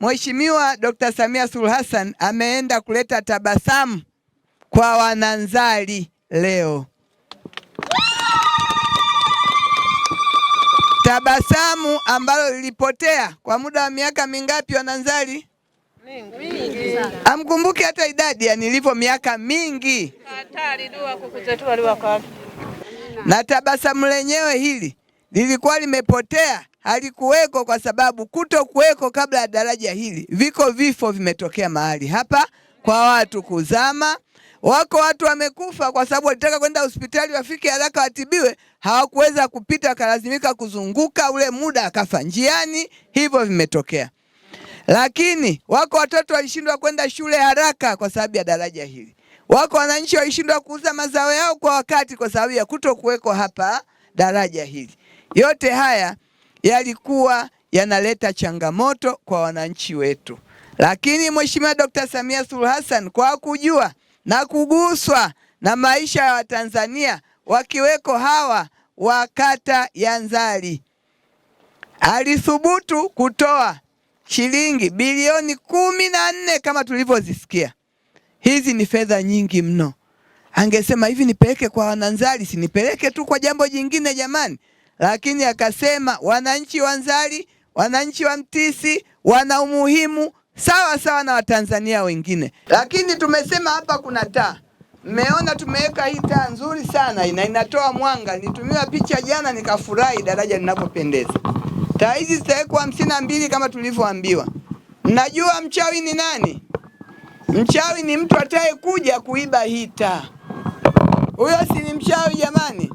Mheshimiwa Dr. Samia Suluhu Hassan ameenda kuleta tabasamu kwa wananzali leo. Tabasamu ambalo lilipotea kwa muda wa miaka mingapi wananzali? Amkumbuke hata idadi ya nilivyo miaka mingi. Na tabasamu lenyewe hili lilikuwa limepotea, halikuweko kwa sababu kuto kuweko kabla ya daraja hili, viko vifo vimetokea mahali hapa kwa watu kuzama. Wako watu wamekufa kwa sababu walitaka kwenda hospitali wafike haraka watibiwe, hawakuweza kupita, wakalazimika kuzunguka ule muda, akafa njiani. Hivyo vimetokea. Lakini wako watoto walishindwa kwenda shule haraka kwa sababu ya daraja hili. Wako wananchi walishindwa kuuza mazao yao kwa wakati kwa sababu ya kuto kuweko hapa daraja hili. Yote haya yalikuwa yanaleta changamoto kwa wananchi wetu, lakini Mheshimiwa Dkt. Samia Suluhu Hassan kwa kujua na kuguswa na maisha ya Watanzania wakiweko hawa wa kata ya Nzali alithubutu kutoa shilingi bilioni kumi na nne kama tulivyozisikia. Hizi ni fedha nyingi mno. Angesema hivi, nipeleke kwa wananzali, sinipeleke tu kwa jambo jingine jamani lakini akasema wananchi wa Nzari, wananchi wa Mtisi wana umuhimu sawa sawa na Watanzania wengine. Lakini tumesema hapa kuna taa, mmeona tumeweka hii taa nzuri sana, ina inatoa mwanga. Nitumiwa picha jana nikafurahi, daraja linapopendeza. Taa hizi zitawekwa hamsini na mbili kama tulivyoambiwa. Mnajua mchawi ni nani? Mchawi ni mtu atayekuja kuiba hii taa. Huyo si ni mchawi jamani?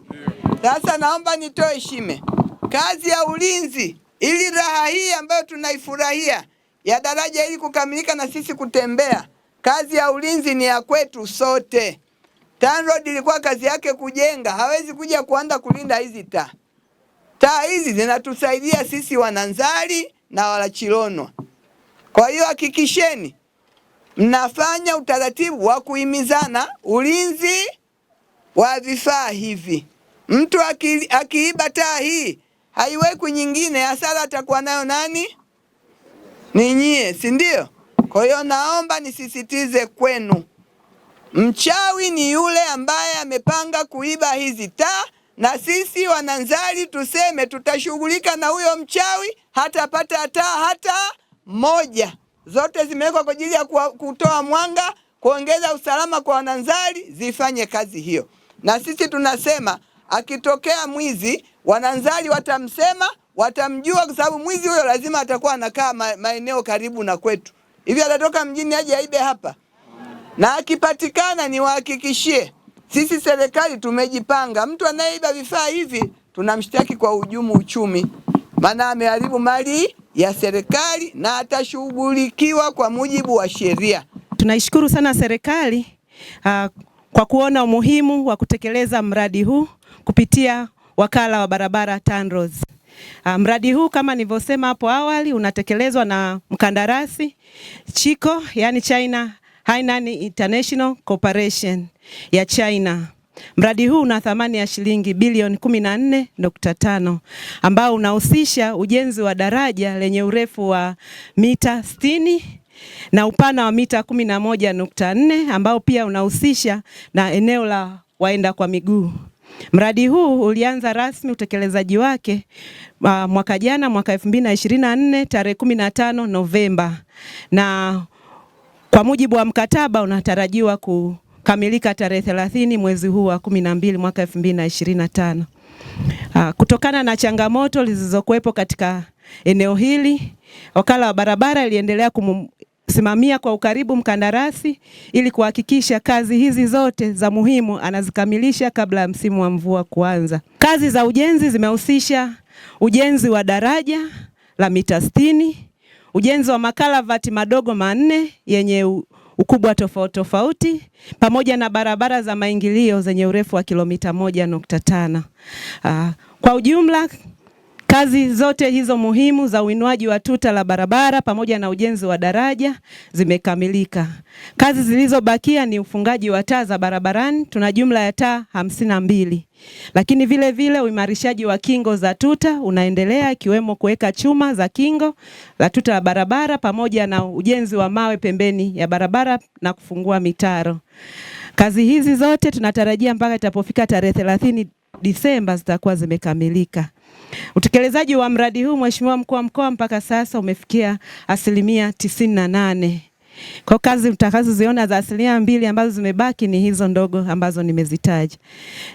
Sasa naomba nitoe shime kazi ya ulinzi, ili raha hii ambayo tunaifurahia ya daraja hili kukamilika na sisi kutembea, kazi ya ulinzi ni ya kwetu sote. TANROADS ilikuwa kazi yake kujenga, hawezi kuja kuanza kulinda hizi taa. Taa hizi zinatusaidia sisi Wananzali na Walachilono. Kwa hiyo hakikisheni mnafanya utaratibu wa kuhimizana ulinzi wa vifaa hivi. Mtu aki, akiiba taa hii haiwekwi nyingine, hasara atakuwa nayo nani? Ni nyie, si ndio? Kwa hiyo naomba nisisitize kwenu, mchawi ni yule ambaye amepanga kuiba hizi taa, na sisi wananzali tuseme tutashughulika na huyo mchawi, hatapata taa hata moja. Zote zimewekwa kwa ajili ya kutoa mwanga, kuongeza usalama kwa wananzali, zifanye kazi hiyo. Na sisi tunasema akitokea mwizi wananzali watamsema, watamjua kwa sababu mwizi huyo lazima atakuwa anakaa maeneo karibu na kwetu. Hivi atatoka mjini aje aibe hapa? Na akipatikana, niwahakikishie sisi serikali tumejipanga, mtu anayeiba vifaa hivi tunamshtaki kwa hujumu uchumi, maana ameharibu mali ya serikali na atashughulikiwa kwa mujibu wa sheria. Tunaishukuru sana serikali uh, kwa kuona umuhimu wa kutekeleza mradi huu kupitia wakala wa barabara TANROADS. Ah, mradi huu kama nilivyosema hapo awali unatekelezwa na mkandarasi Chiko, yani China Hainan International Corporation ya China. Mradi huu una thamani ya shilingi bilioni 14.5 ambao unahusisha ujenzi wa daraja lenye urefu wa mita 60 na upana wa mita 11.4 ambao pia unahusisha na eneo la waenda kwa miguu. Mradi huu ulianza rasmi utekelezaji wake uh, mwaka jana mwaka 2024 tarehe 15 Novemba, na kwa mujibu wa mkataba unatarajiwa kukamilika tarehe 30 mwezi huu wa 12 mwaka 2025. Uh, kutokana na changamoto zilizokuwepo katika eneo hili, wakala wa barabara iliendelea simamia kwa ukaribu mkandarasi ili kuhakikisha kazi hizi zote za muhimu anazikamilisha kabla ya msimu wa mvua kuanza. Kazi za ujenzi zimehusisha ujenzi wa daraja la mita sitini, ujenzi wa makalavati madogo manne yenye ukubwa tofauti tofauti pamoja na barabara za maingilio zenye urefu wa kilomita moja nukta tano. Ah, kwa ujumla Kazi zote hizo muhimu za uinuaji wa tuta la barabara pamoja na ujenzi wa daraja zimekamilika. Kazi zilizobakia ni ufungaji wa taa za barabarani, tuna jumla ya taa hamsini na mbili. Lakini vile vile uimarishaji wa kingo za tuta unaendelea ikiwemo kuweka chuma za kingo la tuta la barabara pamoja na ujenzi wa mawe pembeni ya barabara na kufungua mitaro. Kazi hizi zote tunatarajia mpaka itapofika tarehe 30 Disemba zitakuwa zimekamilika. Utekelezaji wa mradi huu Mheshimiwa Mkuu wa Mkoa, mpaka sasa umefikia asilimia tisini na nane. Kwa kazi mtakazoziona za asilimia mbili ambazo zimebaki ni hizo ndogo ambazo nimezitaja.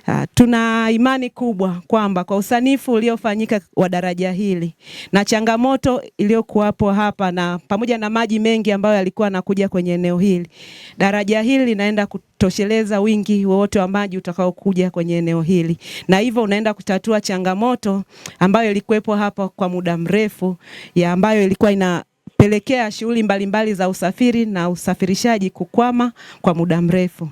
Ah, tuna imani kubwa kwamba kwa usanifu uliofanyika wa daraja hili na changamoto iliyokuwapo hapa na pamoja na maji mengi ambayo yalikuwa nakuja kwenye eneo hili, daraja hili linaenda kutosheleza wingi wowote wa maji utakaokuja kwenye eneo hili, na hivyo unaenda kutatua changamoto ambayo ilikuwepo hapa kwa muda mrefu ya ambayo ilikuwa ina kupelekea shughuli mbalimbali za usafiri na usafirishaji kukwama kwa muda mrefu.